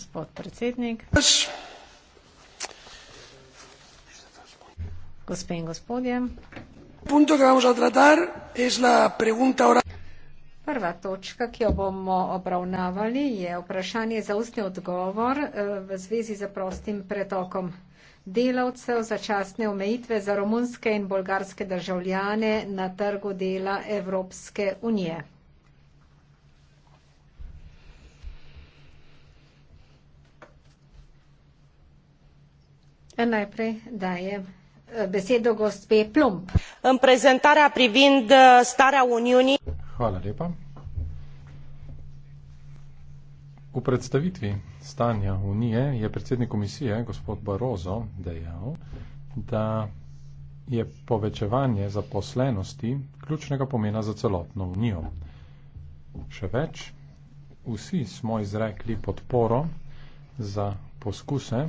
gospod predsednik. Gospe in gospodje. Punto, ki ga bomo zdaj obravnavali, je Prva točka, ki jo bomo obravnavali, je vprašanje za ustni odgovor eh, v zvezi z prostim pretokom delavcev, začasne omejitve za romunske in bolgarske državljane na trgu dela Evropske unije. Najprej dajem eh, besedo gospe Plump. În prezentarea privind eh, starea Uniunii. Hvala lepa. V predstavitvi stanja Unije je predsednik komisije, gospod Barozo, dejal, da je povečevanje zaposlenosti ključnega pomena za celotno Unijo. Še več, vsi smo izrekli podporo za poskuse,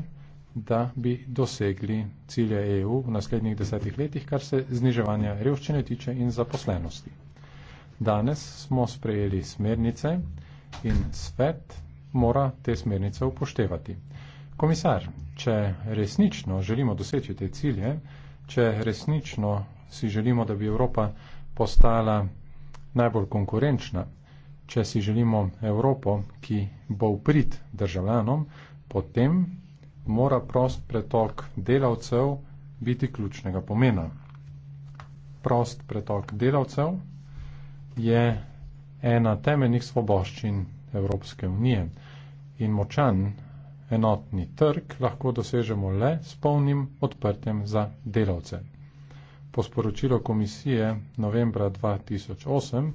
da bi dosegli cilje EU v naslednjih desetih letih, kar se zniževanja revščine tiče in zaposlenosti. Danes smo sprejeli smernice in svet mora te smernice upoštevati. Komisar, če resnično želimo doseči te cilje, če resnično si želimo, da bi Evropa postala najbolj konkurenčna, če si želimo Evropo, ki bo uprit državljanom, potem mora prost pretok delavcev biti ključnega pomena. Prost pretok delavcev je ena temeljnih svoboščin Evropske unije in močan enotni trg lahko dosežemo le s polnim odprtjem za delavce. Po sporočilu komisije novembra 2008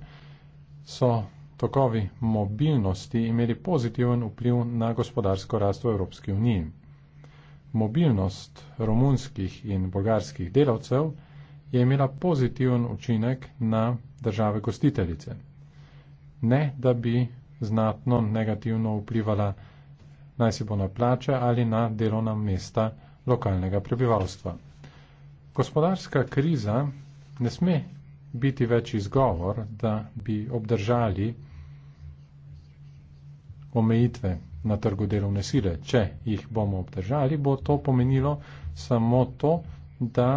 so tokovi mobilnosti imeli pozitiven vpliv na gospodarsko rast v Evropski uniji mobilnost romunskih in bolgarskih delavcev je imela pozitiven učinek na države gostiteljice. Ne, da bi znatno negativno vplivala naj si bo na plače ali na delovna mesta lokalnega prebivalstva. Gospodarska kriza ne sme biti več izgovor, da bi obdržali omejitve na trgu delovne sile. Če jih bomo obdržali, bo to pomenilo samo to, da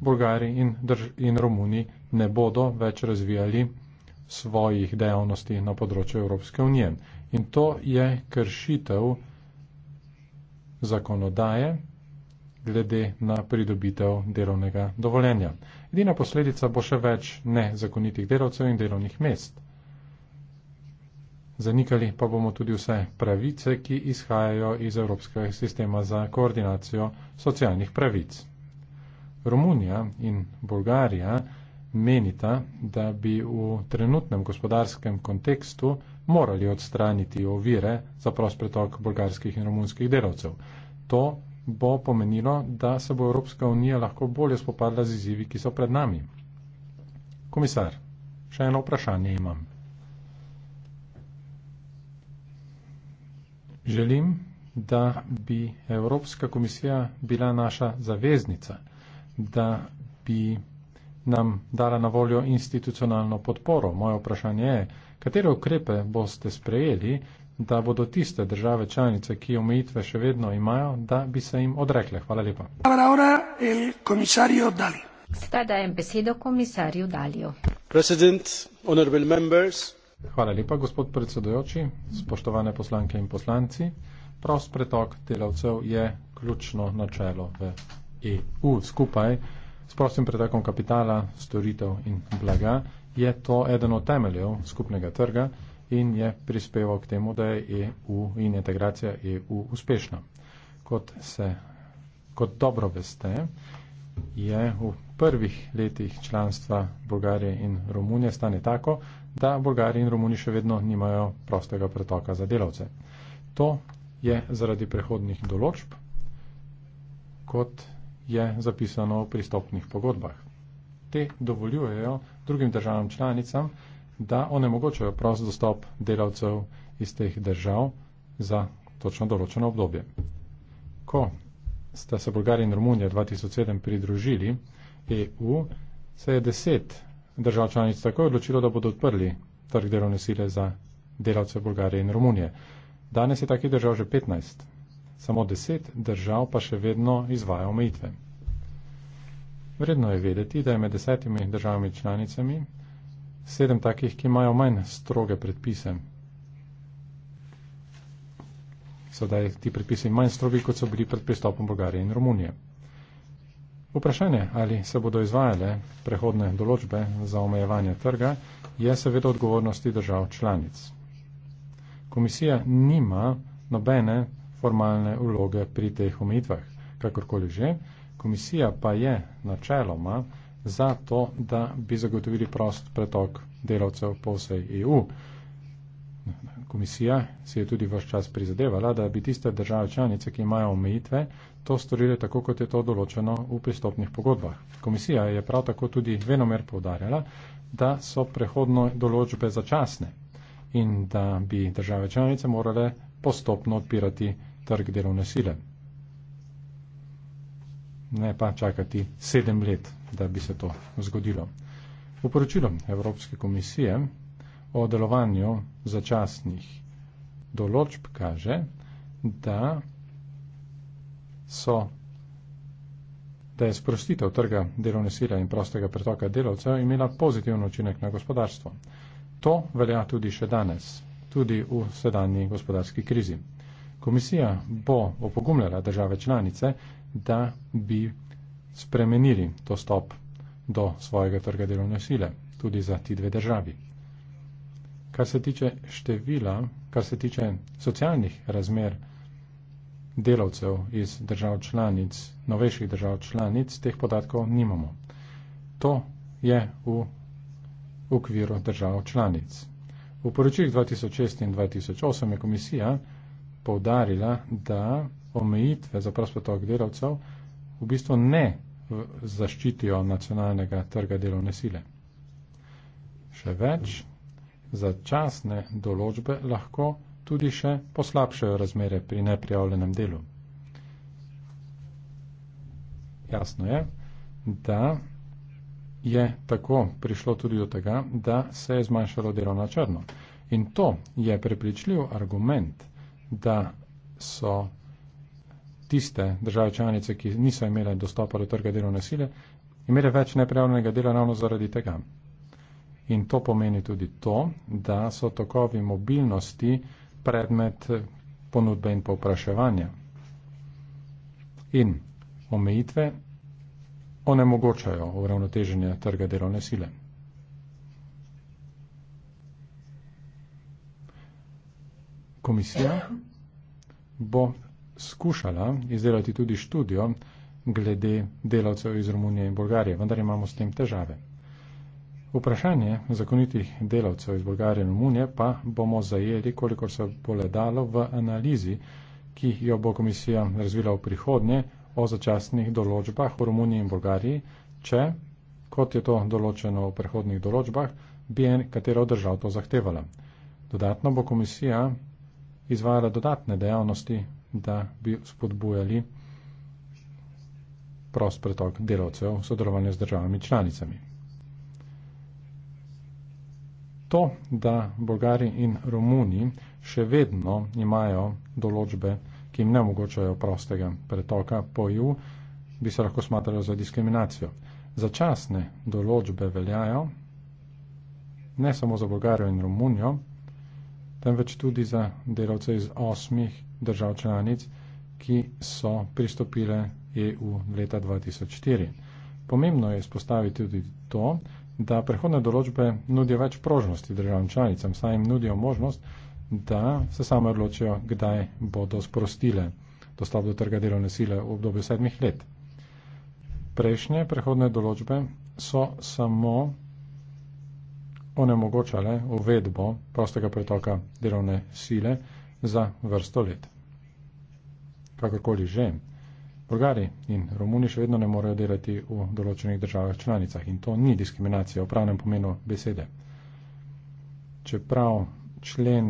Bolgari in, in Romuni ne bodo več razvijali svojih dejavnosti na področju Evropske unije. In to je kršitev zakonodaje glede na pridobitev delovnega dovoljenja. Edina posledica bo še več nezakonitih delavcev in delovnih mest zanikali pa bomo tudi vse pravice, ki izhajajo iz Evropskega sistema za koordinacijo socialnih pravic. Romunija in Bolgarija menita, da bi v trenutnem gospodarskem kontekstu morali odstraniti ovire za prost pretok bolgarskih in romunskih delavcev. To bo pomenilo, da se bo Evropska unija lahko bolje spopadla z izzivi, ki so pred nami. Komisar, še eno vprašanje imam. želim, da bi Evropska komisija bila naša zaveznica, da bi nam dala na voljo institucionalno podporo. Moje vprašanje je, katere ukrepe boste sprejeli, da bodo tiste države članice, ki omejitve še vedno imajo, da bi se jim odrekle. Hvala lepa. Zdaj dajem besedo komisarju Dalju. Hvala lepa, gospod predsedojoči, spoštovane poslanke in poslanci. Prost pretok delavcev je ključno načelo v EU skupaj s prostim pretokom kapitala, storitev in blaga. Je to eden od temeljev skupnega trga in je prispeval k temu, da je EU in integracija EU uspešna. Kot, se, kot dobro veste, je v prvih letih članstva Bolgarije in Romunije stane tako, da Bolgari in Romuni še vedno nimajo prostega pretoka za delavce. To je zaradi prehodnih določb, kot je zapisano v pristopnih pogodbah. Te dovoljujejo drugim državam članicam, da onemogočajo prost dostop delavcev iz teh držav za točno določeno obdobje. Ko sta se Bolgarija in Romunija 2007 pridružili EU, se je deset držav članic tako je odločilo, da bodo odprli trg delovne sile za delavce Bulgarije in Romunije. Danes je takih držav že 15, samo 10 držav pa še vedno izvaja omejitve. Vredno je vedeti, da je med desetimi državami članicami sedem takih, ki imajo manj stroge predpise. Sedaj ti predpisi manj strogi, kot so bili pred pristopom Bulgarije in Romunije. Vprašanje, ali se bodo izvajale prehodne določbe za omejevanje trga, je seveda odgovornosti držav članic. Komisija nima nobene formalne uloge pri teh omejitvah, kakorkoli že, komisija pa je načeloma za to, da bi zagotovili prost pretok delavcev po vsej EU. Komisija si je tudi vse čas prizadevala, da bi tiste države članice, ki imajo omejitve, to storile tako, kot je to določeno v pristopnih pogodbah. Komisija je prav tako tudi venomer povdarjala, da so prehodno določbe začasne in da bi države članice morale postopno odpirati trg delovne sile. Ne pa čakati sedem let, da bi se to zgodilo. V poročilu Evropske komisije o delovanju začasnih določb kaže, da so, da je sprostitev trga delovne sile in prostega pretoka delavcev imela pozitiven učinek na gospodarstvo. To velja tudi še danes, tudi v sedanji gospodarski krizi. Komisija bo opogumljala države članice, da bi spremenili dostop do svojega trga delovne sile, tudi za ti dve državi. Kar se tiče števila, kar se tiče socialnih razmer, delavcev iz držav članic, novejših držav članic, teh podatkov nimamo. To je v okviru držav članic. V poročilih 2006 in 2008 je komisija povdarila, da omejitve za prostotok delavcev v bistvu ne zaščitijo nacionalnega trga delovne sile. Še več, začasne določbe lahko vsega, tudi še poslabšajo razmere pri neprijavljenem delu. Jasno je, da je tako prišlo tudi do tega, da se je zmanjšalo delo na črno. In to je prepričljiv argument, da so tiste države članice, ki niso imele dostopa do trga delovne sile, imele več neprijavljenega dela ravno zaradi tega. In to pomeni tudi to, da so tokovi mobilnosti predmet ponudbe in povpraševanja. In omejitve onemogočajo uravnoteženje trga delovne sile. Komisija bo skušala izdelati tudi študijo glede delavcev iz Romunije in Bolgarije, vendar imamo s tem težave. Vprašanje zakonitih delavcev iz Bolgarije in Romunije pa bomo zajeli, kolikor se bo le dalo, v analizi, ki jo bo komisija razvila v prihodnje o začasnih določbah v Romuniji in Bolgariji, če, kot je to določeno v prehodnih določbah, bi en katero držav to zahtevala. Dodatno bo komisija izvajala dodatne dejavnosti, da bi spodbujali prost pretok delavcev v sodelovanju z državami članicami to, da Bolgari in Romuni še vedno imajo določbe, ki jim ne omogočajo prostega pretoka po EU, bi se lahko smatralo za diskriminacijo. Začasne določbe veljajo ne samo za Bolgarijo in Romunijo, temveč tudi za delavce iz osmih držav članic, ki so pristopile EU leta 2004. Pomembno je izpostaviti tudi to, da prehodne določbe nudijo več prožnosti državam članicam, saj jim nudijo možnost, da se same odločijo, kdaj bodo sprostile dostop do trga delovne sile v obdobju sedmih let. Prejšnje prehodne določbe so samo onemogočale uvedbo prostega pretoka delovne sile za vrsto let. Kakorkoli že, Bolgari in Romuni še vedno ne morejo delati v določenih državah članicah in to ni diskriminacija v pravnem pomenu besede. Čeprav člen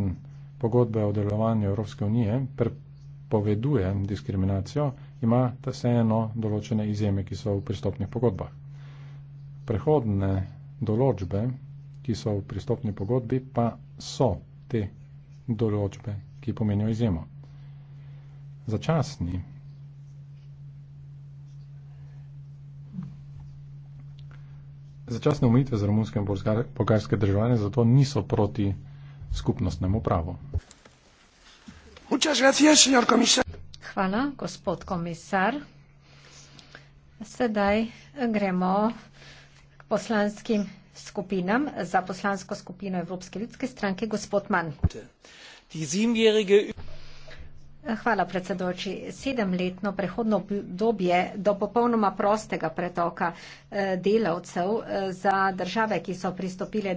pogodbe o delovanju Evropske unije prepoveduje diskriminacijo, ima ta vseeno določene izjeme, ki so v pristopnih pogodbah. Prehodne določbe, ki so v pristopni pogodbi, pa so te določbe, ki pomenijo izjemo. Začasni začasne omejitve za romunske in bolgarske državljane zato niso proti skupnostnemu pravu. Hvala, gospod komisar. Sedaj gremo k poslanskim skupinam. Za poslansko skupino Evropske ljudske stranke gospod Mann. Hvala, predsedoči. Sedemletno prehodno obdobje do popolnoma prostega pretoka eh, delavcev eh, za države, ki so pristopile 2004,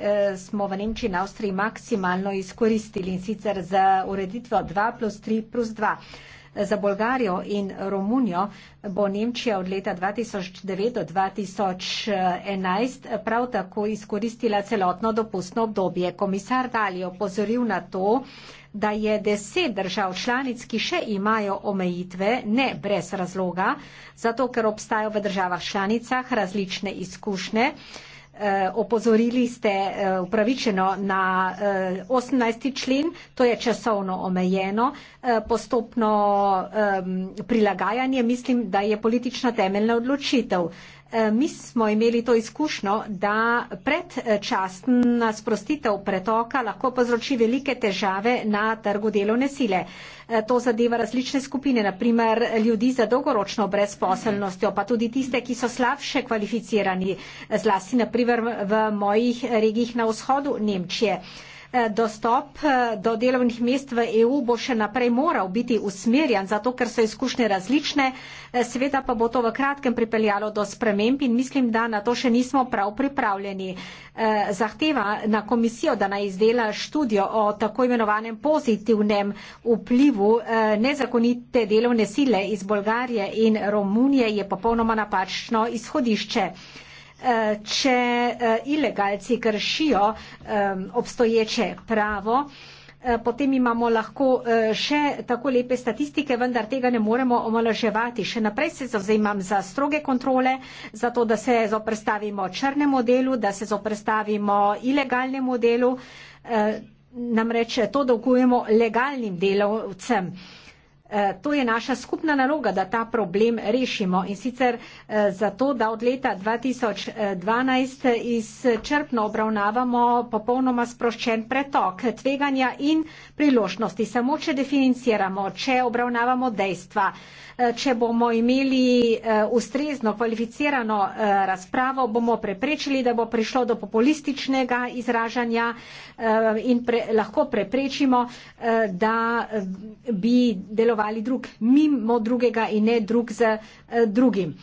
eh, smo v Nemčiji in Avstriji maksimalno izkoristili in sicer za ureditvo 2 plus 3 plus 2. Za Bolgarijo in Romunijo bo Nemčija od leta 2009 do 2011 prav tako izkoristila celotno dopustno obdobje. Komisar Dali je opozoril na to, da je deset držav članic, ki še imajo omejitve, ne brez razloga, zato ker obstajajo v državah članicah različne izkušnje. E, opozorili ste e, upravičeno na e, eh, 18. člen, to je časovno omejeno, e, postopno e, prilagajanje, mislim, da je politična temeljna odločitev. Eh, mi smo imeli to izkušnjo, da predčasna sprostitev pretoka lahko povzroči velike težave na trgu delovne sile. Eh, to zadeva različne skupine, naprimer ljudi za dolgoročno brezposelnostjo, pa tudi tiste, ki so slabše kvalificirani, eh, zlasti naprimer v mojih regijih na vzhodu Nemčije. Eh, dostop eh, do delovnih mest v EU bo še naprej moral biti usmerjan, zato ker so izkušnje različne, eh, seveda pa bo to v kratkem pripeljalo do sprememb in mislim, da na to še nismo prav pripravljeni. Zahteva na komisijo, da naj izdela študijo o tako imenovanem pozitivnem vplivu nezakonite delovne sile iz Bolgarije in Romunije je popolnoma napačno izhodišče če e, ilegalci kršijo e, obstoječe pravo. E, potem imamo lahko še tako lepe statistike, vendar tega ne moremo omalaževati. Še naprej se zavzemam za stroge kontrole, za to, da se zoprstavimo črnemu delu, da se zoprstavimo ilegalnemu delu. Namreč to dolgujemo legalnim delovcem. Eh, to je naša skupna naloga, da ta problem rešimo in sicer eh, zato, da od leta 2012 eh, izčrpno obravnavamo popolnoma sproščen pretok tveganja in priložnosti. Samo, če definiciramo, če obravnavamo dejstva, če bomo imeli ustrezno kvalificirano razpravo, bomo preprečili, da bo prišlo do populističnega izražanja in pre, lahko preprečimo, da bi delovali sodelovali drug mimo drugega in ne drug z eh, drugim.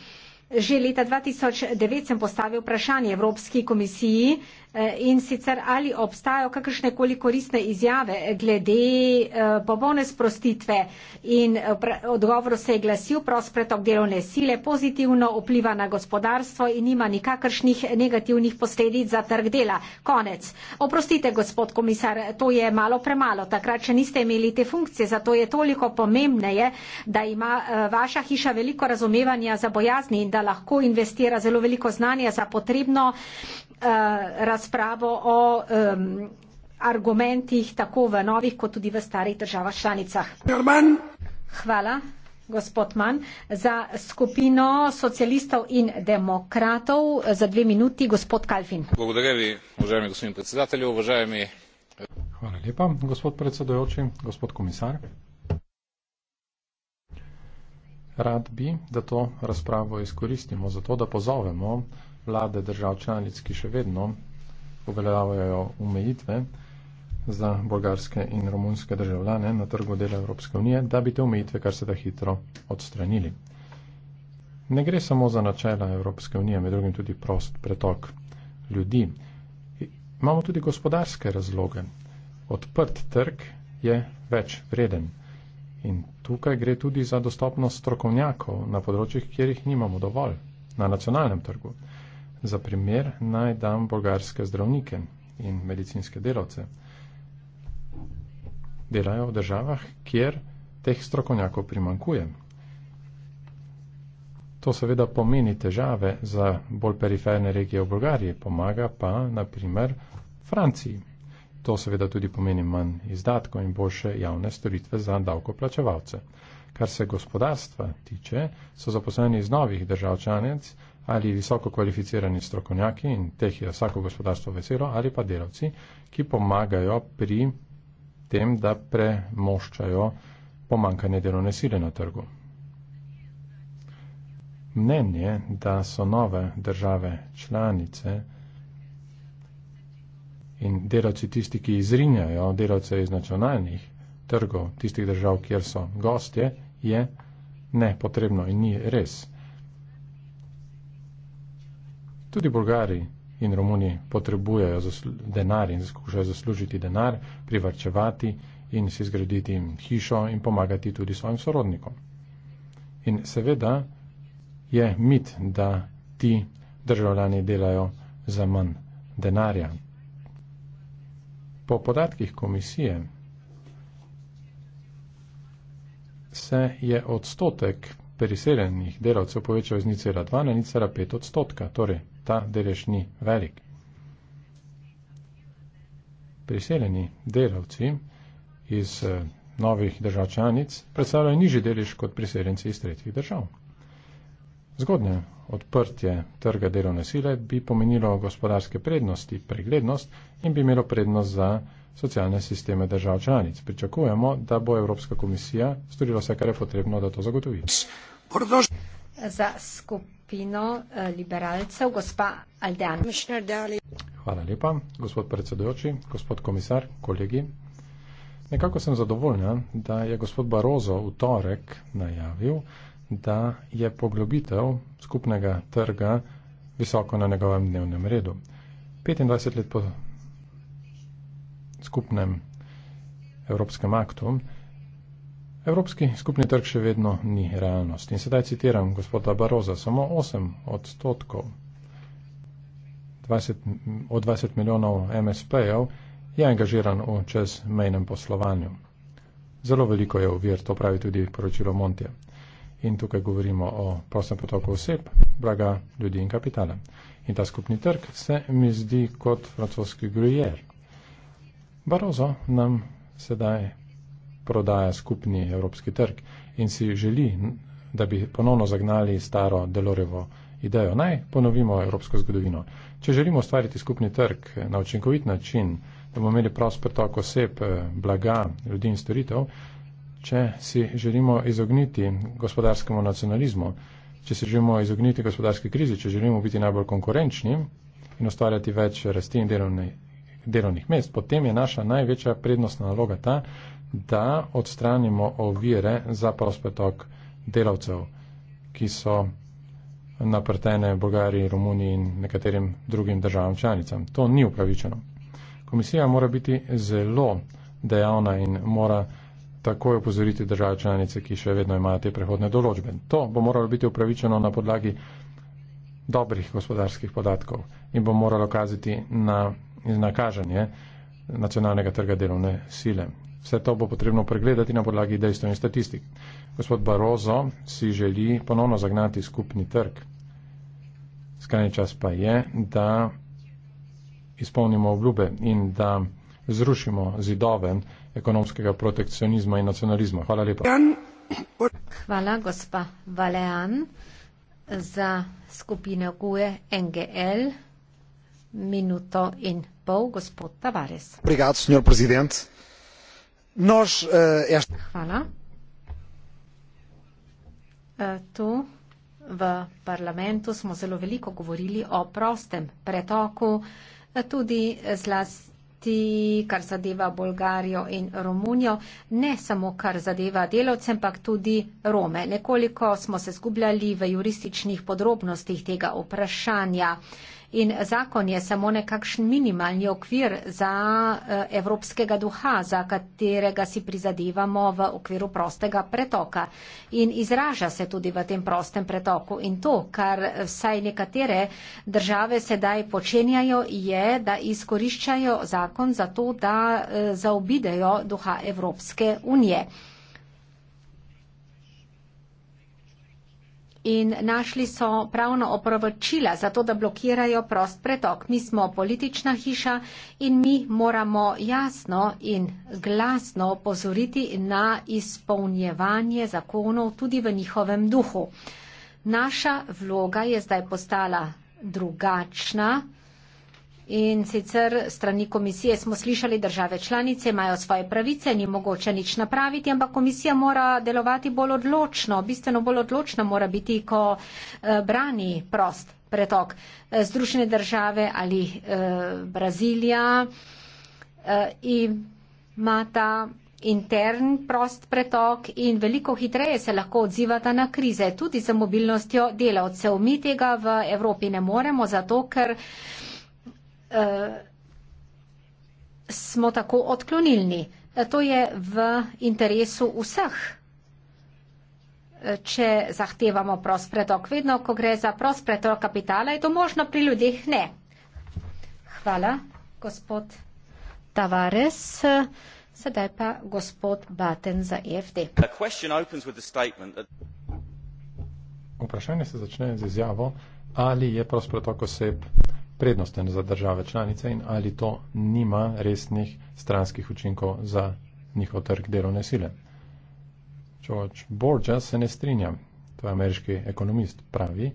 Že leta 2009 sem postavil vprašanje Evropski komisiji, Eh, in sicer ali obstajajo kakršne koli koristne izjave glede eh, popolne sprostitve in eh, odgovor se je glasil, prost pretok delovne sile pozitivno vpliva na gospodarstvo in nima nikakršnih negativnih posledic za trg dela. Konec. Oprostite, gospod komisar, to je malo premalo. Takrat še niste imeli te funkcije, zato je toliko pomembneje, da ima vaša hiša veliko razumevanja za bojazni in da lahko investira zelo veliko znanja za potrebno Eh, razpravo o um, argumentih tako v novih kot tudi v starih državah članicah. Hvala, gospod Mann. Za skupino socialistov in demokratov eh, za dve minuti, gospod Kalfin. Hvala lepa, gospod predsedojoči, gospod komisar. Rad bi, da to razpravo izkoristimo za to, da pozovemo vlade držav članic, ki še vedno uveljavljajo omejitve za bolgarske in romunske državljane na trgu dela Evropske unije, da bi te omejitve kar se da hitro odstranili. Ne gre samo za načela Evropske unije, med drugim tudi prost pretok ljudi. Imamo tudi gospodarske razloge. Odprt trg je več vreden. In tukaj gre tudi za dostopnost strokovnjakov na področjih, kjer jih nimamo dovolj, na nacionalnem trgu. Za primer naj dam bolgarske zdravnike in medicinske delavce. Delajo v državah, kjer teh strokovnjakov primankuje. To seveda pomeni težave za bolj periferne regije v Bolgariji, pomaga pa naprimer Franciji. To seveda tudi pomeni manj izdatkov in boljše javne storitve za davkoplačevalce. Kar se gospodarstva tiče, so zaposleni iz novih držav članic ali visoko kvalificirani strokovnjaki in teh je vsako gospodarstvo veselo, ali pa delavci, ki pomagajo pri tem, da premoščajo pomankanje delovne sile na trgu. Mnenje, da so nove države članice in delavci tisti, ki izrinjajo delavce iz nacionalnih trgov, tistih držav, kjer so gostje, je nepotrebno in ni res. Tudi Bolgari in Romuni potrebujejo denar in skušajo zaslužiti denar, privrčevati in si zgraditi hišo in pomagati tudi svojim sorodnikom. In seveda je mit, da ti državljani delajo za manj denarja. Po podatkih komisije se je odstotek priseljenih delavcev povečal iz 0,2 na 0,5 odstotka. Torej, ta delež ni velik. Priseljeni delavci iz eh, novih držav članic predstavljajo nižji delež kot priseljenci iz tretjih držav. Zgodnje odprtje trga delovne sile bi pomenilo gospodarske prednosti, preglednost in bi imelo prednost za socialne sisteme držav članic. Pričakujemo, da bo Evropska komisija storila vse, kar je potrebno, da to zagotovi. Za skupaj skupino eh, liberalcev, gospa Aldean. Hvala lepa, gospod predsedujoči, gospod komisar, kolegi. Nekako sem zadovoljna, da je gospod Barozo v torek najavil, da je poglobitev skupnega trga visoko na njegovem dnevnem redu. 25 let po skupnem evropskem aktu Evropski skupni trg še vedno ni realnost. In sedaj citiram gospoda Baroza, samo 8 odstotkov 20, od 20 milijonov MSP-jev je angažiran v čezmejnem poslovanju. Zelo veliko je uvir, to pravi tudi poročilo Montje. In tukaj govorimo o prostem potoku oseb, blaga, ljudi in kapitala. In ta skupni trg se mi zdi kot francoski grujer. Barozo nam sedaj prodaja skupni evropski trg in si želi, da bi ponovno zagnali staro delorevo idejo. Naj ponovimo evropsko zgodovino. Če želimo ustvariti skupni trg na učinkovit način, da bomo imeli prosper tok oseb, blaga, ljudi in storitev, če si želimo izogniti gospodarskemu nacionalizmu, če se želimo izogniti gospodarski krizi, če želimo biti najbolj konkurenčni in ustvarjati več rasti in delovne, delovnih mest, potem je naša največja prednostna naloga ta, da odstranimo ovire za prospetok delavcev, ki so naprtene Bolgariji, Romuniji in nekaterim drugim državam članicam. To ni upravičeno. Komisija mora biti zelo dejavna in mora takoj opozoriti države članice, ki še vedno imajo te prehodne določbe. To bo moralo biti upravičeno na podlagi dobrih gospodarskih podatkov in bo moralo kaziti na iznakažanje nacionalnega trga delovne sile. Vse to bo potrebno pregledati na podlagi dejstev in statistik. Gospod Barozo si želi ponovno zagnati skupni trg. Skrajni čas pa je, da izpolnimo obljube in da zrušimo zidoven ekonomskega protekcionizma in nacionalizma. Hvala lepa. Hvala, gospa Valean, za skupine GUE NGL. Minuto in pol, gospod Tavares. Obrigado, senhor presidente nos eh, Hvala. Eh, tu v parlamentu smo zelo veliko govorili o prostem pretoku, eh, tudi zlasti, kar zadeva Bolgarijo in Romunijo, ne samo kar zadeva delavce, ampak tudi Rome. Nekoliko smo se zgubljali v jurističnih podrobnostih tega vprašanja. In zakon je samo nekakšen minimalni okvir za eh, evropskega duha, za katerega si prizadevamo v okviru prostega pretoka. In izraža se tudi v tem prostem pretoku. In to, kar eh, vsaj nekatere države sedaj počenjajo, je, da izkoriščajo zakon za to, da eh, zaobidejo duha Evropske unije. in našli so pravno opravičila za to, da blokirajo prost pretok. Mi smo politična hiša in mi moramo jasno in glasno pozoriti na izpolnjevanje zakonov tudi v njihovem duhu. Naša vloga je zdaj postala drugačna. In sicer strani komisije smo slišali, države članice imajo svoje pravice, ni mogoče nič napraviti, ampak komisija mora delovati bolj odločno, bistveno bolj odločno mora biti, ko eh, brani prost pretok eh, Združene države ali eh, Brazilija imata intern prost pretok in veliko hitreje se lahko odzivata na krize, tudi za mobilnostjo delavcev. Mi tega v Evropi ne moremo, zato ker Eh, smo tako odklonilni. Eh, to je v interesu vseh. Eh, če zahtevamo prost pretok, vedno, ko gre za prost pretok kapitala, je to možno pri ljudeh ne. Hvala, gospod Tavares. Sedaj pa gospod Baten za EFD. Vprašanje se začne z izjavo, ali je prost pretok oseb prednosten za države članice in ali to nima resnih stranskih učinkov za njihov trg delovne sile. George Borja se ne strinja, to je ameriški ekonomist, pravi,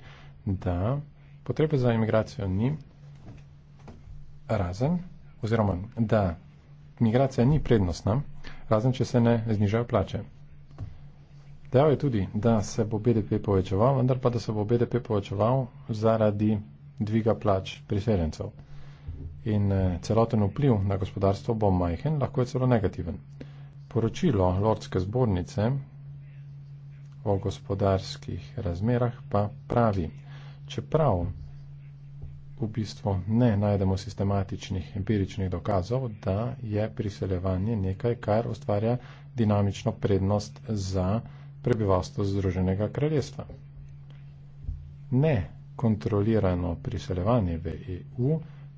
da potrebe za imigracijo ni razen, oziroma da migracija ni prednostna, razen če se ne znižajo plače. Dejal je tudi, da se bo BDP povečeval, vendar pa da se bo BDP povečeval zaradi dviga plač priseljencev. In eh, celoten vpliv na gospodarstvo bo majhen, lahko je celo negativen. Poročilo Lordske zbornice o gospodarskih razmerah pa pravi, čeprav v bistvu ne najdemo sistematičnih empiričnih dokazov, da je priseljevanje nekaj, kar ustvarja dinamično prednost za prebivalstvo Združenega kraljestva. Ne kontrolirano priseljevanje v EU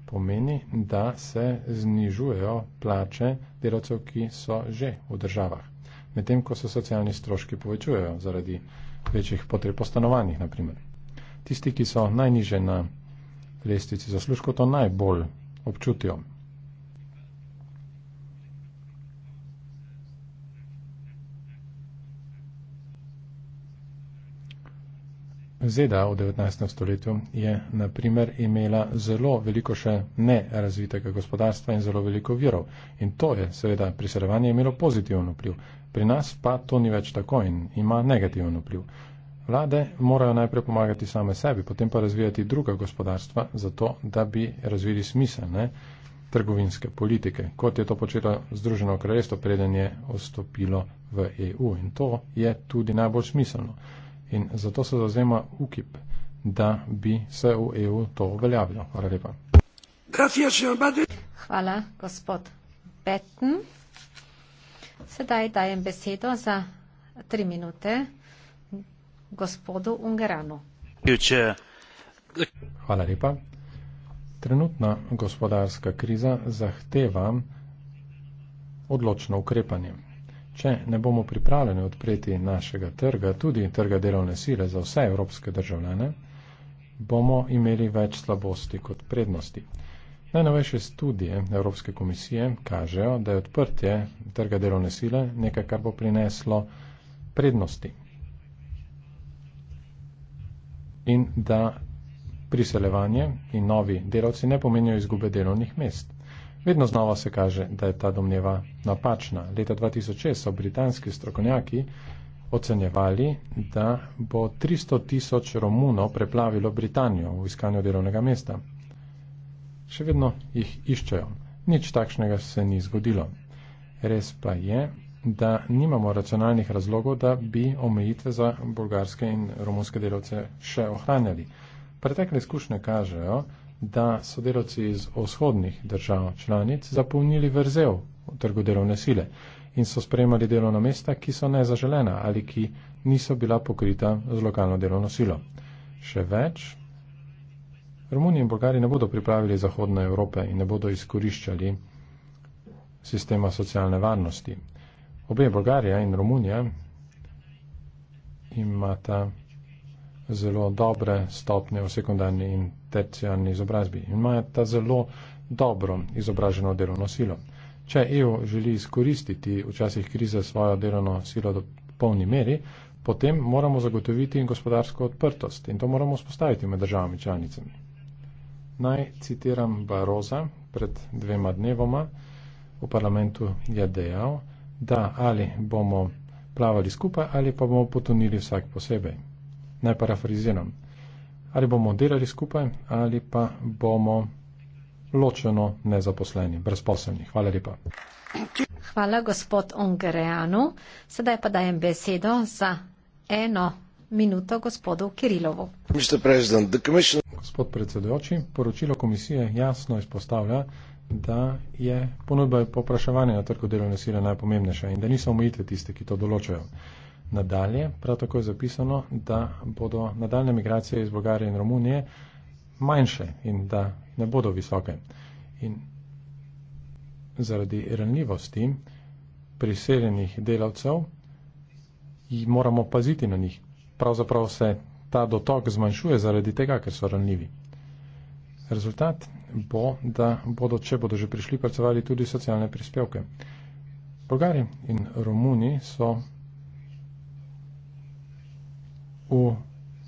pomeni, da se znižujejo plače delavcev, ki so že v državah, medtem ko se socialni stroški povečujejo zaradi večjih potreb po stanovanjih, naprimer. Tisti, ki so najniže na lestvici zaslužkov, to najbolj občutijo. ZDA v 19. stoletju je naprimer imela zelo veliko še nerazvitega gospodarstva in zelo veliko virov. In to je seveda priseljevanje imelo pozitivno vpliv. Pri nas pa to ni več tako in ima negativno vpliv. Vlade morajo najprej pomagati same sebi, potem pa razvijati druga gospodarstva, zato da bi razvili smiselne trgovinske politike, kot je to počelo Združeno kraljestvo, preden je vstopilo v EU. In to je tudi najbolj smiselno in zato se zazema UKIP, da bi se v EU to uveljavilo. Hvala lepa. Hvala, gospod Betten. Sedaj dajem besedo za tri minute gospodu Ungeranu. Hvala lepa. Trenutna gospodarska kriza zahteva odločno ukrepanje če ne bomo pripravljeni odpreti našega trga, tudi trga delovne sile za vse evropske državljane, bomo imeli več slabosti kot prednosti. Najnovejše studije Evropske komisije kažejo, da je odprtje trga delovne sile nekaj, kar bo prineslo prednosti in da priseljevanje in novi delavci ne pomenijo izgube delovnih mest. Vedno znova se kaže, da je ta domneva napačna. Leta 2006 so britanski strokovnjaki ocenjevali, da bo 300 tisoč Romunov preplavilo Britanijo v iskanju delovnega mesta. Še vedno jih iščejo. Nič takšnega se ni zgodilo. Res pa je, da nimamo racionalnih razlogov, da bi omejitve za bolgarske in romunske delavce še ohranjali. Pretekle izkušnje kažejo, da so delavci iz vzhodnih držav članic zapolnili vrzel v trgu delovne sile in so sprejemali delovna mesta, ki so nezaželena ali ki niso bila pokrita z lokalno delovno silo. Še več, Romuniji in Bolgari ne bodo pripravili Zahodne Evrope in ne bodo izkoriščali sistema socialne varnosti. Obe Bolgarija in Romunija imata zelo dobre stopnje v sekundarni in tercijarni izobrazbi in imajo ta zelo dobro izobraženo delovno silo. Če EU želi izkoristiti včasih krize svojo delovno silo do polni meri, potem moramo zagotoviti gospodarsko odprtost in to moramo spostaviti med državami članicami. Naj citiram Baroza pred dvema dnevoma v parlamentu je dejal, da ali bomo plavali skupaj ali pa bomo potonili vsak posebej naj parafraziram. Ali bomo delali skupaj, ali pa bomo ločeno nezaposleni, brezposelni. Hvala lepa. Hvala, gospod Ungarejanu. Sedaj pa dajem besedo za eno minuto gospodu Kirilovu. Commission... Gospod predsedujoči, poročilo komisije jasno izpostavlja, da je ponudba in popraševanje na trgu delovne sile najpomembnejša in da niso omejitve tiste, ki to določajo. Nadalje, prav tako je zapisano, da bodo nadaljne migracije iz Bolgarije in Romunije manjše in da ne bodo visoke. In zaradi ranljivosti priseljenih delavcev moramo paziti na njih. Pravzaprav se ta dotok zmanjšuje zaradi tega, ker so ranljivi. Rezultat bo, da bodo, če bodo že prišli, plačevali tudi socialne prispevke. Bolgari in Romuni so v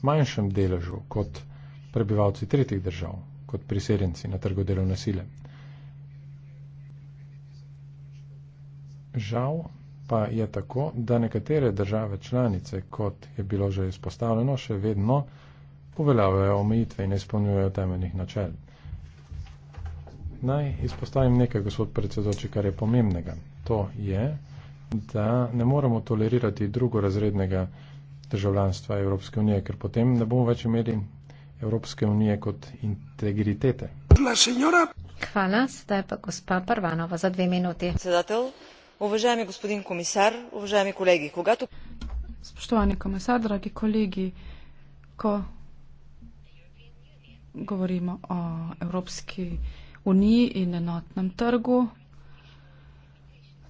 manjšem deležu kot prebivalci tretjih držav, kot priseljenci na trgu delovne sile. Žal pa je tako, da nekatere države članice, kot je bilo že izpostavljeno, še vedno uveljavljajo omejitve in izpolnjujejo temeljnih načel. Naj izpostavim nekaj, gospod predsedoči, kar je pomembnega. To je, da ne moremo tolerirati drugorazrednega državljanstva Evropske unije, ker potem ne bomo več imeli Evropske unije kot integritete. Hvala, zdaj pa gospa Parvanova za dve minuti. Sedatel, uvaženi gospodin komisar, uvaženi kolegi, kogato. Spoštovani komisar, dragi kolegi, ko govorimo o Evropski uniji in enotnem trgu,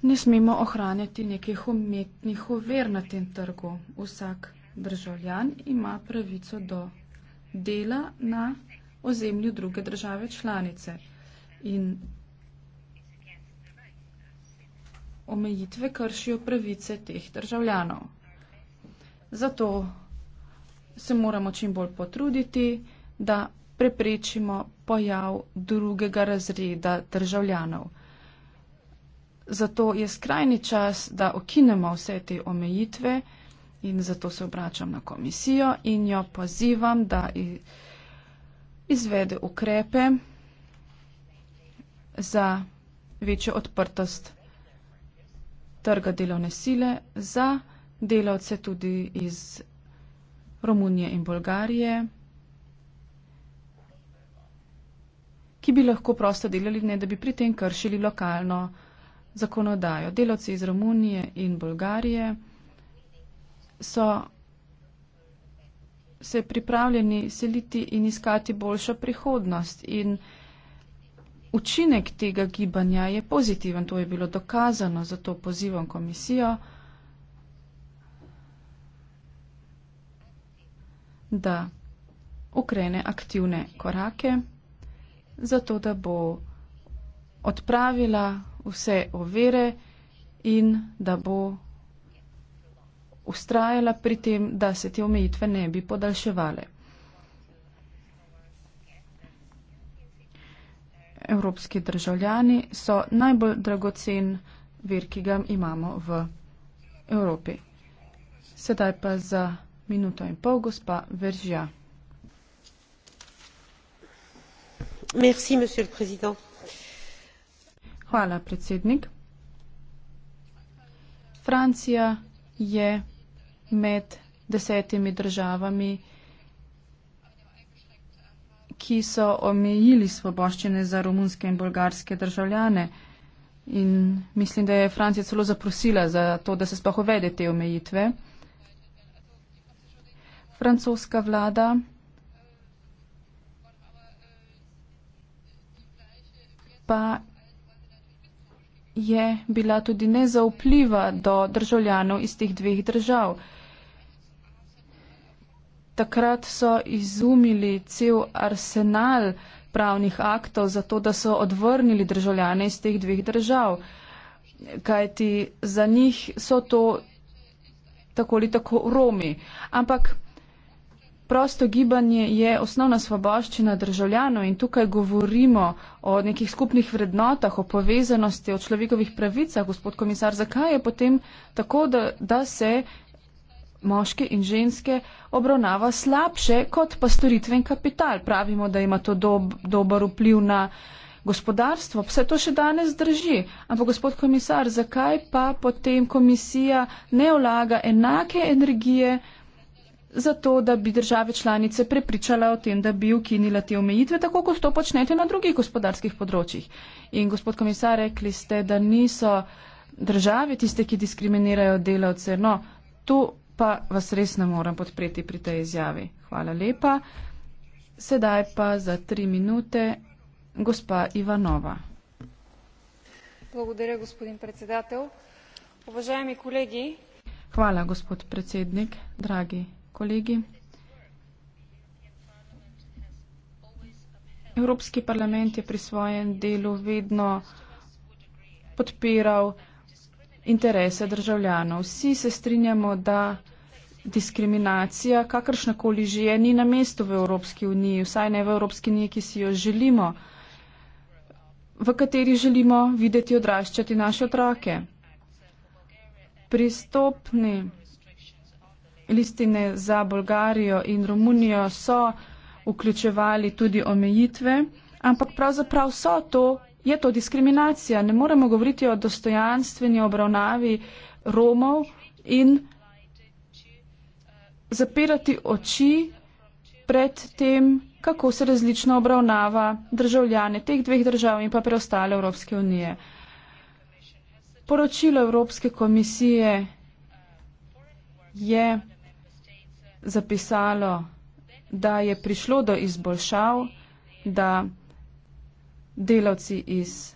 Ne smemo ohranjati nekih umetnih uver na tem trgu. Vsak državljan ima pravico do dela na ozemlju druge države članice. In omejitve kršijo pravice teh državljanov. Zato se moramo čim bolj potruditi, da preprečimo pojav drugega razreda državljanov. Zato je skrajni čas, da okinemo vse te omejitve in zato se obračam na komisijo in jo pozivam, da izvede ukrepe za večjo odprtost trga delovne sile za delavce tudi iz Romunije in Bolgarije, ki bi lahko prosto delali, ne da bi pri tem kršili lokalno zakonodajo. Delavci iz Romunije in Bolgarije so se pripravljeni seliti in iskati boljšo prihodnost. In učinek tega gibanja je pozitiven, to je bilo dokazano, zato pozivam komisijo, da ukrene aktivne korake, zato da bo odpravila vse ovire in da bo ustrajala pri tem, da se te omejitve ne bi podaljševale. Evropski državljani so najbolj dragocen vir, ki ga imamo v Evropi. Sedaj pa za minuto in pol, gospa Veržja. Merci, monsieur le président. Hvala, predsednik. Francija je med desetimi državami, ki so omejili svoboščine za romunske in bolgarske državljane. In mislim, da je Francija celo zaprosila za to, da se sploh uvede te omejitve. Francoska vlada pa je bila tudi nezaupljiva do državljanov iz teh dveh držav. Takrat so izumili cel arsenal pravnih aktov za to, da so odvrnili državljane iz teh dveh držav, kajti za njih so to tako ali tako Romi. Ampak prosto gibanje je osnovna svoboščina državljanov in tukaj govorimo o nekih skupnih vrednotah, o povezanosti, o človekovih pravicah. Gospod komisar, zakaj je potem tako, da, da se moške in ženske obravnava slabše kot pa storitven kapital? Pravimo, da ima to dob, dober vpliv na gospodarstvo, vse to še danes drži. Ampak gospod komisar, zakaj pa potem komisija ne vlaga enake energije, zato da bi države članice prepričala o tem, da bi ukinila te omejitve, tako kot to počnete na drugih gospodarskih področjih. In gospod komisar, rekli ste, da niso države tiste, ki diskriminirajo delavce. No, to pa vas res ne morem podpreti pri tej izjavi. Hvala lepa. Sedaj pa za tri minute gospa Ivanova. Благодаря, господин председател. Уважаеми колеги. Хвала, господ председник, драги kolegi. Evropski parlament je pri svojem delu vedno podpiral interese državljanov. Vsi se strinjamo, da diskriminacija, kakršnakoli že je, ni na mestu v Evropski uniji, vsaj ne v Evropski uniji, ki si jo želimo, v kateri želimo videti odraščati naše otroke. Pristopni listine za Bolgarijo in Romunijo so vključevali tudi omejitve, ampak pravzaprav so to, je to diskriminacija. Ne moremo govoriti o dostojanstveni obravnavi Romov in zapirati oči pred tem, kako se različno obravnava državljane teh dveh držav in pa preostale Evropske unije. Poročilo Evropske komisije je zapisalo, da je prišlo do izboljšav, da delavci iz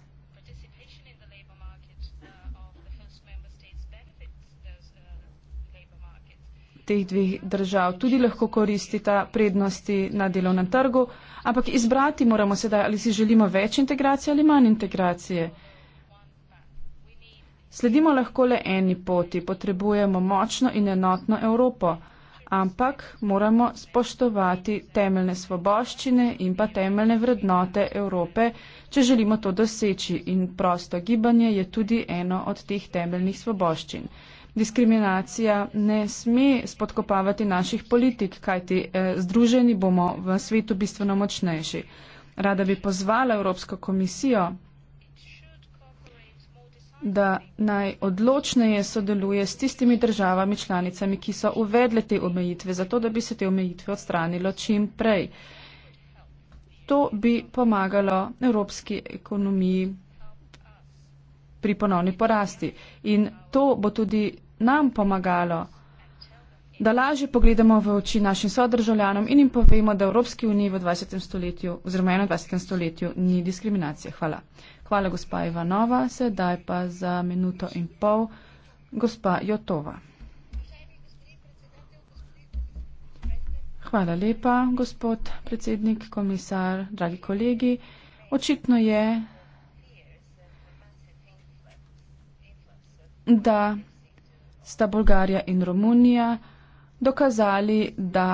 teh dveh držav tudi lahko koristita prednosti na delovnem trgu, ampak izbrati moramo sedaj, ali si želimo več integracije ali manj integracije. Sledimo lahko le eni poti, potrebujemo močno in enotno Evropo ampak moramo spoštovati temeljne svoboščine in pa temeljne vrednote Evrope, če želimo to doseči. In prosto gibanje je tudi eno od teh temeljnih svoboščin. Diskriminacija ne sme spodkopavati naših politik, kajti eh, združeni bomo v svetu bistveno močnejši. Rada bi pozvala Evropsko komisijo, da naj odločneje sodeluje s tistimi državami članicami, ki so uvedle te omejitve, zato da bi se te omejitve odstranilo čim prej. To bi pomagalo evropski ekonomiji pri ponovni porasti in to bo tudi nam pomagalo, da lažje pogledamo v oči našim sodržavljanom in jim povemo, da v Evropski uniji v 20. stoletju oziroma 21. stoletju ni diskriminacije. Hvala. Hvala, gospa Ivanova. Sedaj pa za minuto in pol, gospa Jotova. Hvala lepa, gospod predsednik, komisar, dragi kolegi. Očitno je, da sta Bolgarija in Romunija dokazali, da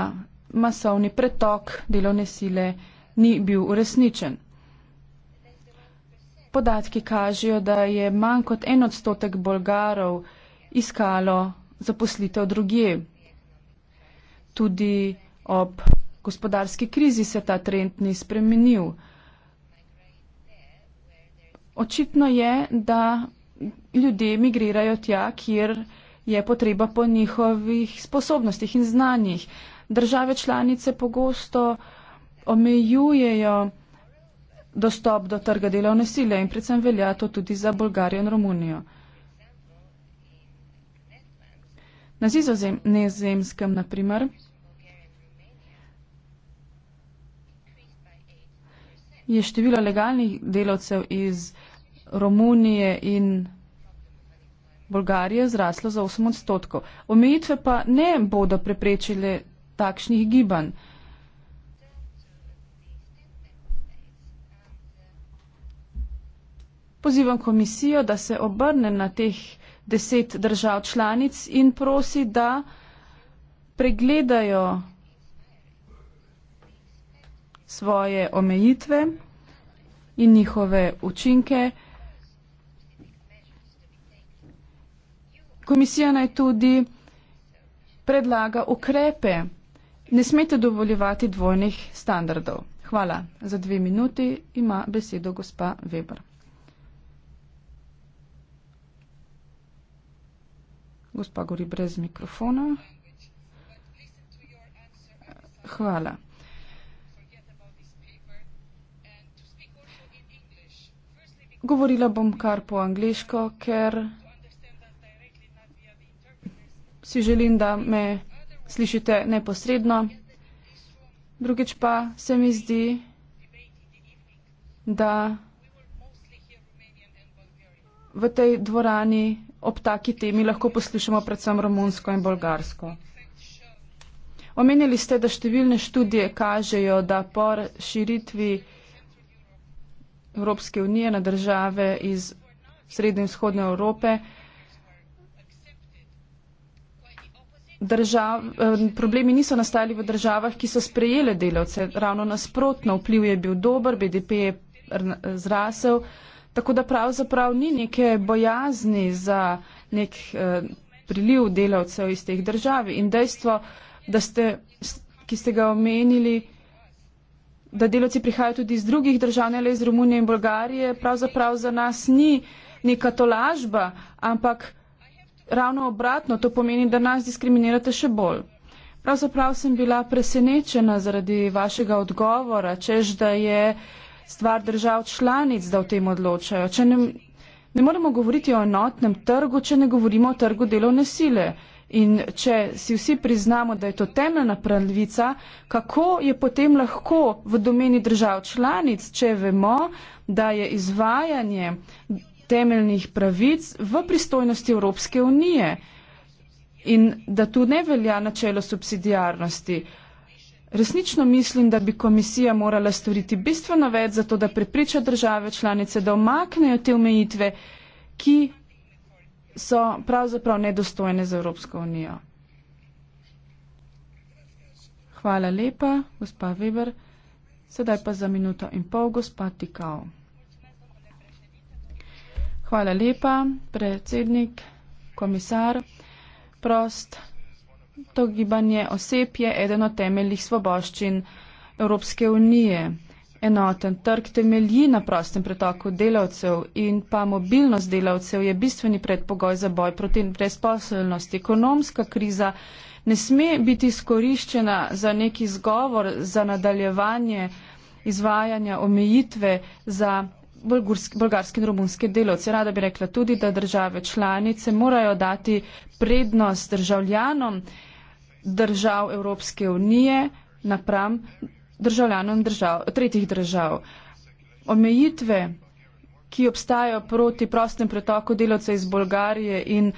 masovni pretok delovne sile ni bil uresničen. Podatki kažejo, da je manj kot en odstotek Bolgarov iskalo zaposlitev drugje. Tudi ob gospodarski krizi se ta trend ni spremenil. Očitno je, da ljudje migrirajo tja, kjer je potreba po njihovih sposobnostih in znanjih. Države članice pogosto omejujejo dostop do trga delovne sile in predvsem velja to tudi za Bolgarijo in Romunijo. Na Zizozemskem, na primer, je število legalnih delavcev iz Romunije in Bolgarije zraslo za 8 odstotkov. Omejitve pa ne bodo preprečile takšnih gibanj. pozivam komisijo, da se obrne na teh deset držav članic in prosi, da pregledajo svoje omejitve in njihove učinke. Komisija naj tudi predlaga ukrepe. Ne smete dovoljevati dvojnih standardov. Hvala. Za dve minuti ima besedo gospa Weber. Gospa govori brez mikrofona. Hvala. Govorila bom kar po angleško, ker si želim, da me slišite neposredno. Drugič pa se mi zdi, da v tej dvorani ob taki temi lahko poslušamo predvsem romunsko in bolgarsko. Omenjali ste, da številne študije kažejo, da po širitvi Evropske unije na države iz srednje in vzhodne Evrope držav, eh, problemi niso nastali v državah, ki so sprejele delavce. Ravno nasprotno, vpliv je bil dober, BDP je eh, zrasel. Tako da pravzaprav ni neke bojazni za nek eh, priliv delavcev iz teh držav in dejstvo, da ste, ki ste ga omenili, da delavci prihajajo tudi iz drugih držav, ne le iz Romunije in Bolgarije, pravzaprav za nas ni neka tolažba, ampak ravno obratno, to pomeni, da nas diskriminirate še bolj. Pravzaprav sem bila presenečena zaradi vašega odgovora, čež da je eh, stvar držav članic, da o tem odločajo. Ne, ne moremo govoriti o enotnem trgu, če ne govorimo o trgu delovne sile. In če si vsi priznamo, da je to temeljna pravica, kako je potem lahko v domeni držav članic, če vemo, da je izvajanje temeljnih pravic v pristojnosti Evropske unije in da tu ne velja načelo subsidijarnosti. Uh, Resnično mislim, da bi komisija morala storiti bistveno več za to, da prepriča države članice, da omaknejo te omejitve, ki so pravzaprav nedostojne za Evropsko unijo. Hvala lepa, gospa Weber. Sedaj pa za minuto in pol, gospa Tikao. Hvala lepa, predsednik, komisar, prost to gibanje oseb je eden od temeljih svoboščin Evropske unije. Enoten trg temelji na prostem pretoku delavcev in pa mobilnost delavcev je bistveni predpogoj za boj proti brezposelnosti. Ekonomska kriza ne sme biti skoriščena za neki zgovor, za nadaljevanje izvajanja omejitve za bolgarske in romunske delavce. Rada bi rekla tudi, da države članice morajo dati prednost državljanom, držav Evropske unije napram državljanom držav, tretjih držav. Omejitve, ki obstajajo proti prostem pretoku delovcev iz Bolgarije in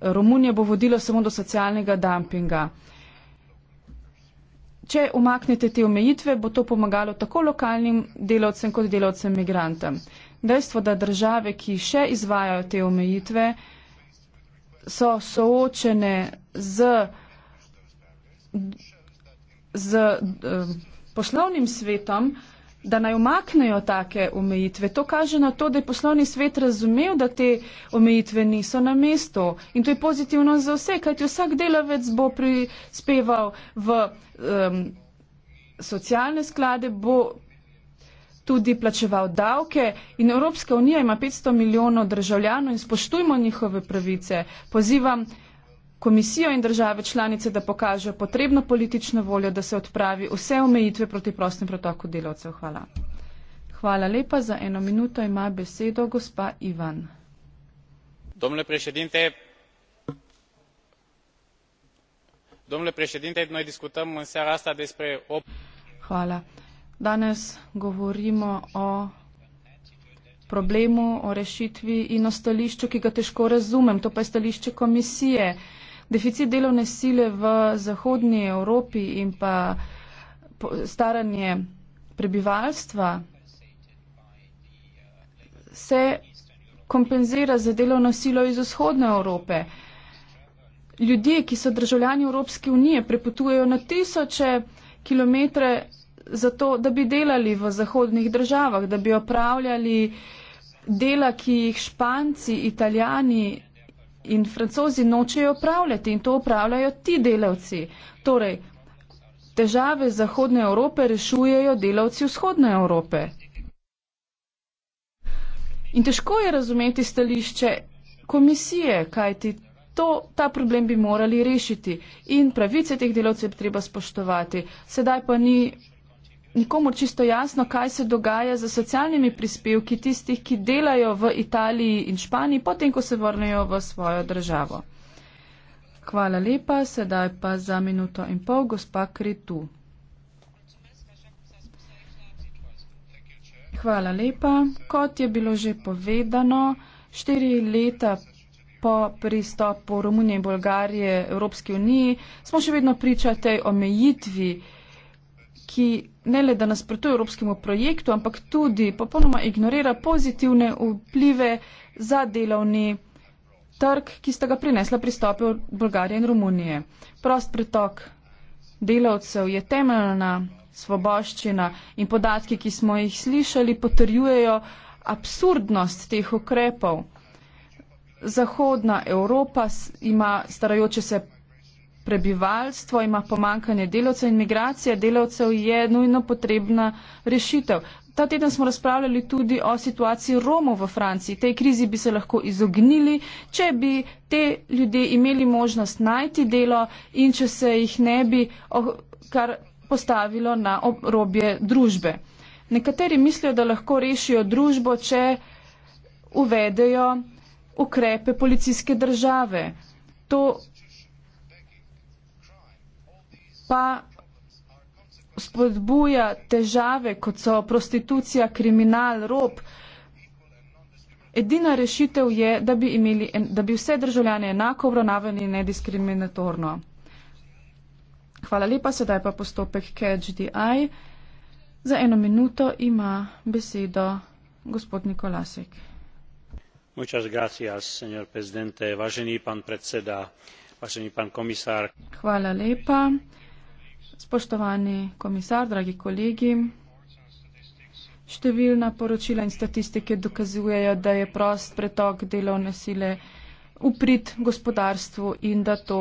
Romunije, bo vodilo samo do socialnega dumpinga. Če umaknete te omejitve, bo to pomagalo tako lokalnim delavcem kot delavcem migrantom. Dejstvo, da države, ki še izvajajo te omejitve, so soočene z z eh, poslovnim svetom, da naj omaknejo take omejitve. To kaže na to, da je poslovni svet razumel, da te omejitve niso na mestu. In to je pozitivno za vse, kajti vsak delavec bo prispeval v um, socialne sklade, bo tudi plačeval davke in Evropska unija ima 500 milijonov državljanov in spoštujmo njihove pravice. Pozivam komisijo in države članice, da pokažejo potrebno politično voljo, da se odpravi vse omejitve proti prostem pretoku delavcev. Hvala. Hvala lepa. Za eno minuto ima besedo gospa Ivan. Domnule președinte, domnule președinte, noi discutăm în seara asta despre... Op- Hvala. Danes govorimo o problemu, o rešitvi in o stališču, ki ga težko razumem. To pa je stališče komisije deficit delovne sile v Zahodnji Evropi in pa staranje prebivalstva se kompenzira za delovno silo iz Vzhodne Evrope. Ljudje, ki so državljani Evropske unije, prepotujejo na tisoče kilometre zato, da bi delali v zahodnih državah, da bi opravljali dela, ki jih španci, italijani in francozi nočejo upravljati in to upravljajo ti delavci. Torej, težave Zahodne Evrope rešujejo delavci Vzhodne Evrope. In težko je razumeti stališče komisije, kajti to, ta problem bi morali rešiti in pravice teh delavcev treba spoštovati. Sedaj pa ni nikomu čisto jasno, kaj se dogaja z socialnimi prispevki tistih, ki delajo v Italiji in Španiji, potem, ko se vrnejo v svojo državo. Hvala lepa, sedaj pa za minuto in pol, gospa Kretu. Hvala lepa. Kot je bilo že povedano, štiri leta po pristopu Romunije in Bolgarije Evropski uniji smo še vedno priča tej omejitvi, ki ne le, da nasprotuje evropskemu projektu, ampak tudi popolnoma ignorira pozitivne vplive za delovni trg, ki sta ga prinesla pristope Bolgarije in Romunije. Prost pretok delavcev je temeljna svoboščina in podatki, ki smo jih slišali, potrjujejo absurdnost teh ukrepov. Zahodna Evropa ima starajoče se prebivalstvo, ima pomankanje delavcev in migracija delavcev je nujno potrebna rešitev. Ta teden smo razpravljali tudi o situaciji Romov v Franciji. Tej krizi bi se lahko izognili, če bi te ljudje imeli možnost najti delo in če se jih ne bi kar postavilo na obrobje družbe. Nekateri mislijo, da lahko rešijo družbo, če uvedejo ukrepe policijske države. To pa spodbuja težave, kot so prostitucija, kriminal, rob. Edina rešitev je, da bi, imeli, da bi vse državljane enako obravnavali in nediskriminatorno. Hvala lepa, sedaj pa postopek CatchDI. Za eno minuto ima besedo gospod Nikolasek. Hvala lepa. Spoštovani komisar, dragi kolegi, številna poročila in statistike dokazujejo, da je prost pretok delovne sile uprit gospodarstvu in da to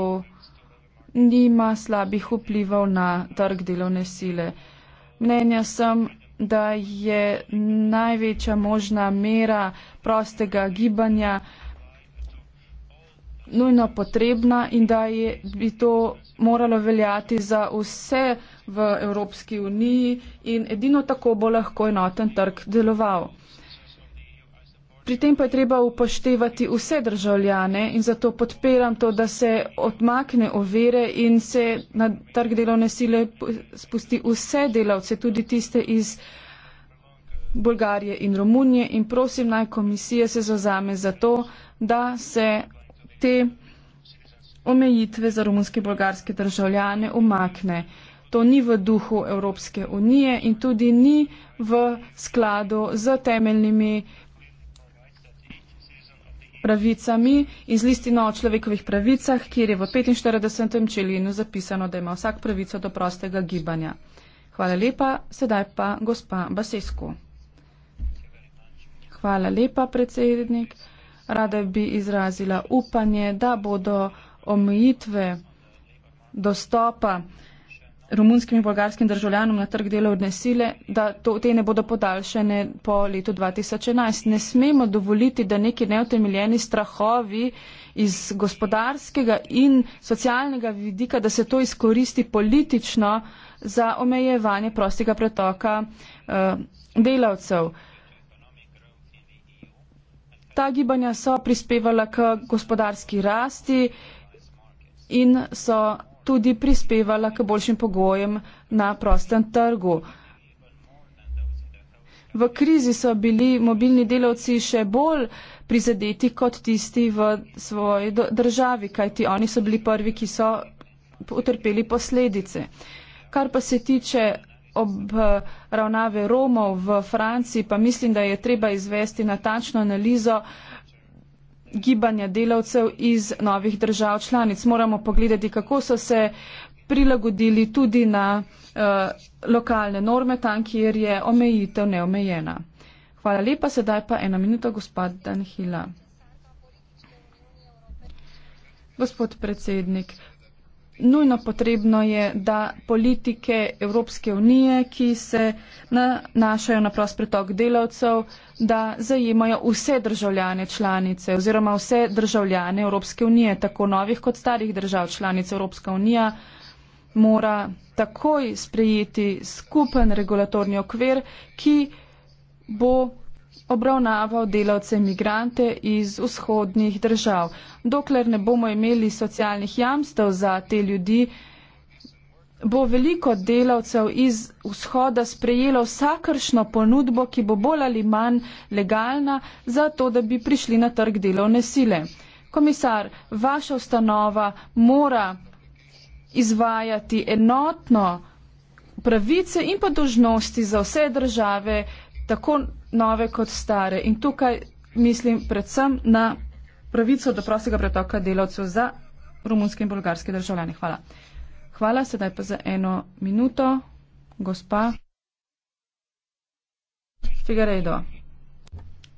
nima slabih vplivov na trg delovne sile. Mnenja sem, da je največja možna mera prostega gibanja nujno potrebna in da je, bi to moralo veljati za vse v Evropski uniji in edino tako bo lahko enoten trg deloval. Pri tem pa je treba upoštevati vse državljane in zato podpiram to, da se odmakne ovire in se na trg delovne sile spusti vse delavce, tudi tiste iz Bolgarije in Romunije in prosim naj komisije se zazame za to, da se te omejitve za romunske in bolgarske državljane umakne. To ni v duhu Evropske unije in tudi ni v skladu z temeljnimi pravicami iz listino o človekovih pravicah, kjer je v 45. členu zapisano, da ima vsak pravico do prostega gibanja. Hvala lepa, sedaj pa gospa Basesko. Hvala lepa, predsednik rada bi izrazila upanje, da bodo omejitve dostopa romunskim in bolgarskim državljanom na trg delovne sile, da to, te ne bodo podaljšene po letu 2011. Ne smemo dovoliti, da neki neutemeljeni strahovi iz gospodarskega in socialnega vidika, da se to izkoristi politično za omejevanje prostega pretoka uh, delavcev. Uh, Ta gibanja so prispevala k gospodarski rasti in so tudi prispevala k boljšim pogojem na prostem trgu. V krizi so bili mobilni delavci še bolj prizadeti kot tisti v svoji državi, kajti oni so bili prvi, ki so utrpeli posledice. Kar pa se tiče obravnave Romov v Franciji, pa mislim, da je treba izvesti natančno analizo gibanja delavcev iz novih držav članic. Moramo pogledati, kako so se prilagodili tudi na uh, lokalne norme, tam, kjer je omejitev neomejena. Hvala lepa, sedaj pa ena minuta, gospod Danhila. Gospod predsednik, nujno potrebno je, da politike Evropske unije, ki se nanašajo na prost pretok delavcev, da zajemajo vse državljane članice oziroma vse državljane Evropske unije, tako novih kot starih držav članic Evropska unija, mora takoj sprejeti skupen regulatorni okvir, ki bo obravnaval delavce imigrante iz vzhodnih držav. Dokler ne bomo imeli socialnih jamstev za te ljudi, bo veliko delavcev iz vzhoda sprejelo vsakršno ponudbo, ki bo bolj ali manj legalna, zato da bi prišli na trg delovne sile. Komisar, vaša ustanova mora izvajati enotno pravice in pa dožnosti za vse države, tako nove kot stare. In tukaj mislim predvsem na pravico do prostega pretoka delavcev za romunske in bolgarske državljane. Hvala. Hvala, sedaj pa za eno minuto, gospa Figarejdo.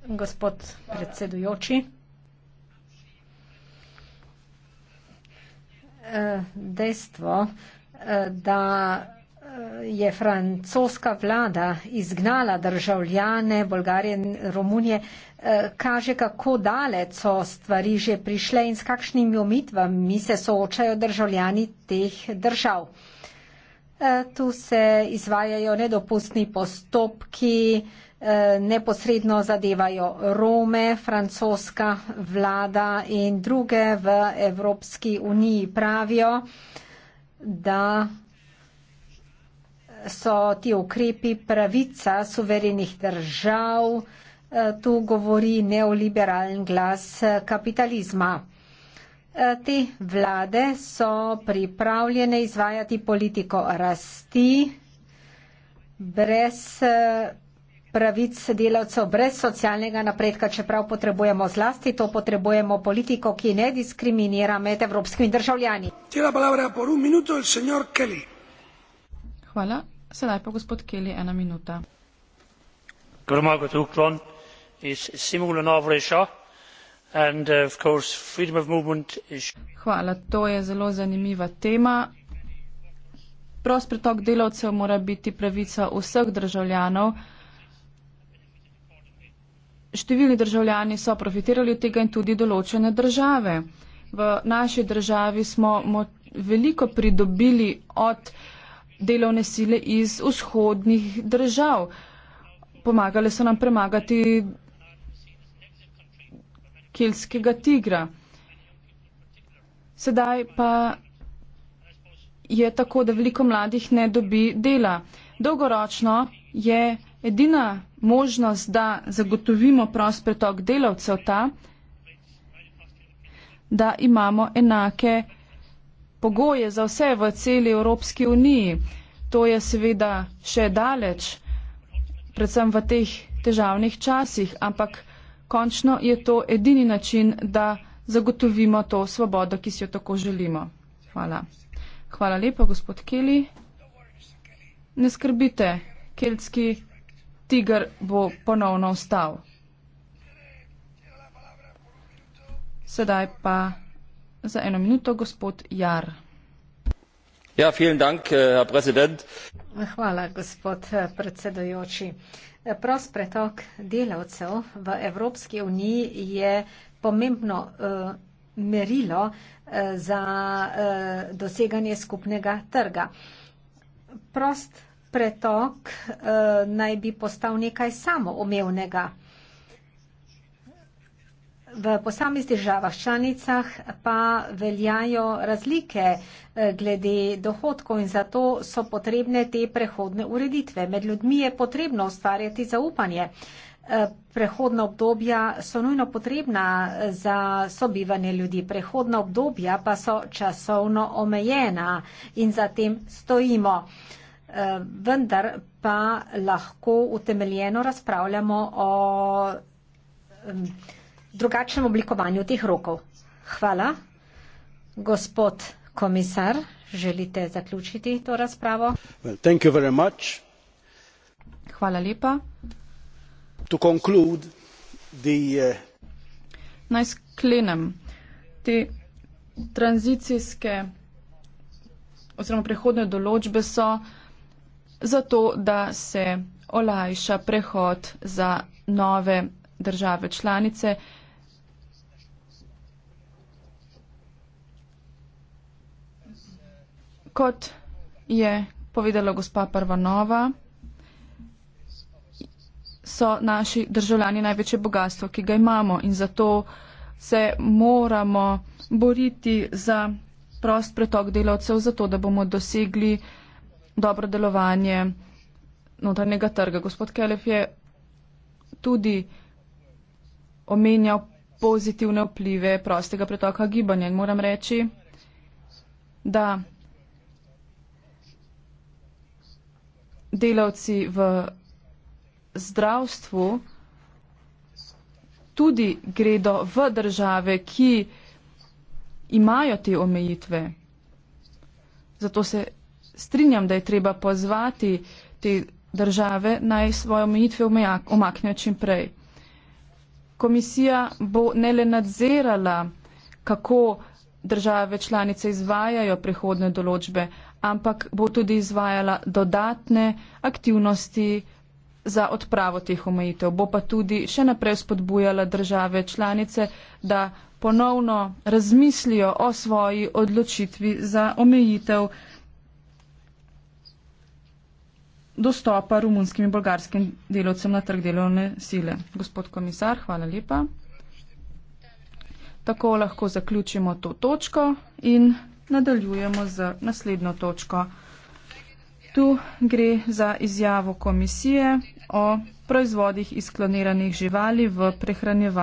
Gospod predsedujoči. Eh, dejstvo, eh, da je francoska vlada izgnala državljane Bolgarije in Romunije, eh, kaže, kako daleč so stvari že prišle in s kakšnimi omitvami se soočajo državljani teh držav. Eh, tu se izvajajo nedopustni postopki, eh, neposredno zadevajo Rome, francoska vlada in druge v Evropski uniji pravijo, da so ti ukrepi pravica suverenih držav, eh, tu govori neoliberalen glas eh, kapitalizma. Eh, te vlade so pripravljene izvajati politiko rasti brez pravic delavcev, brez socialnega napredka, čeprav potrebujemo zlasti to, potrebujemo politiko, ki ne diskriminira med evropskimi državljani. Hvala sedaj pa gospod kelly ena minuta uh, hvala to je zelo zanimiva tema prost pretok delavcev mora biti pravica vseh državljanov številni državljani so profitirali od tega in tudi določene države v naši državi smo veliko pridobili od delovne sile iz vzhodnih držav. Pomagale so nam premagati kelskega tigra. Sedaj pa je tako, da veliko mladih ne dobi dela. Dolgoročno je edina možnost, da zagotovimo prost pretok delavcev ta, da imamo enake pogoje za vse v celi Evropski uniji. To je seveda še daleč, predvsem v teh težavnih časih, ampak končno je to edini način, da zagotovimo to svobodo, ki si jo tako želimo. Hvala. Hvala lepa, gospod Keli. Ne skrbite, keltski tiger bo ponovno vstal. Sedaj pa Ja, eh, Hvala, gospod eh, predsedujoči. Eh, prost pretok delavcev v Evropski uniji je pomembno merilo za doseganje skupnega trga. Prost pretok naj bi postal nekaj samoumevnega v posameznih državah članicah pa veljajo razlike eh, glede dohodkov in zato so potrebne te prehodne ureditve. Med ljudmi je potrebno ustvarjati zaupanje. Eh, prehodna obdobja so nujno potrebna eh, za sobivanje ljudi. Prehodna obdobja pa so časovno omejena in za tem stojimo. Vendar pa lahko utemeljeno razpravljamo o drugačnem oblikovanju teh rokov. Hvala. Gospod komisar, želite zaključiti to razpravo? Well, thank you very much. Hvala lepa. To conclude the, uh... Naj sklenem te tranzicijske oziroma prehodne določbe so zato, da se olajša prehod za nove države članice kot je povedala gospa Parvanova, so naši državljani največje bogatstvo, ki ga imamo in zato se moramo boriti za prost pretok delavcev, zato da bomo dosegli dobro delovanje notranjega trga. Gospod Kelef je tudi omenjal pozitivne vplive prostega pretoka gibanja in moram reči, da delavci v zdravstvu tudi gredo v države, ki imajo te omejitve. Zato se strinjam, da je treba pozvati te države naj svoje omejitve omaknejo čim prej. Komisija bo ne le nadzirala, kako države članice izvajajo prihodne določbe, ampak bo tudi izvajala dodatne aktivnosti za odpravo teh omejitev. Bo pa tudi še naprej spodbujala države članice, da ponovno razmislijo o svoji odločitvi za omejitev dostopa rumunskim in bolgarskim delovcem na trg delovne sile. Gospod komisar, hvala lepa. Tako lahko zaključimo to točko in nadaljujemo z naslednjo točko. Tu gre za izjavo komisije o proizvodih iz kloniranih živali v prehranjevanju.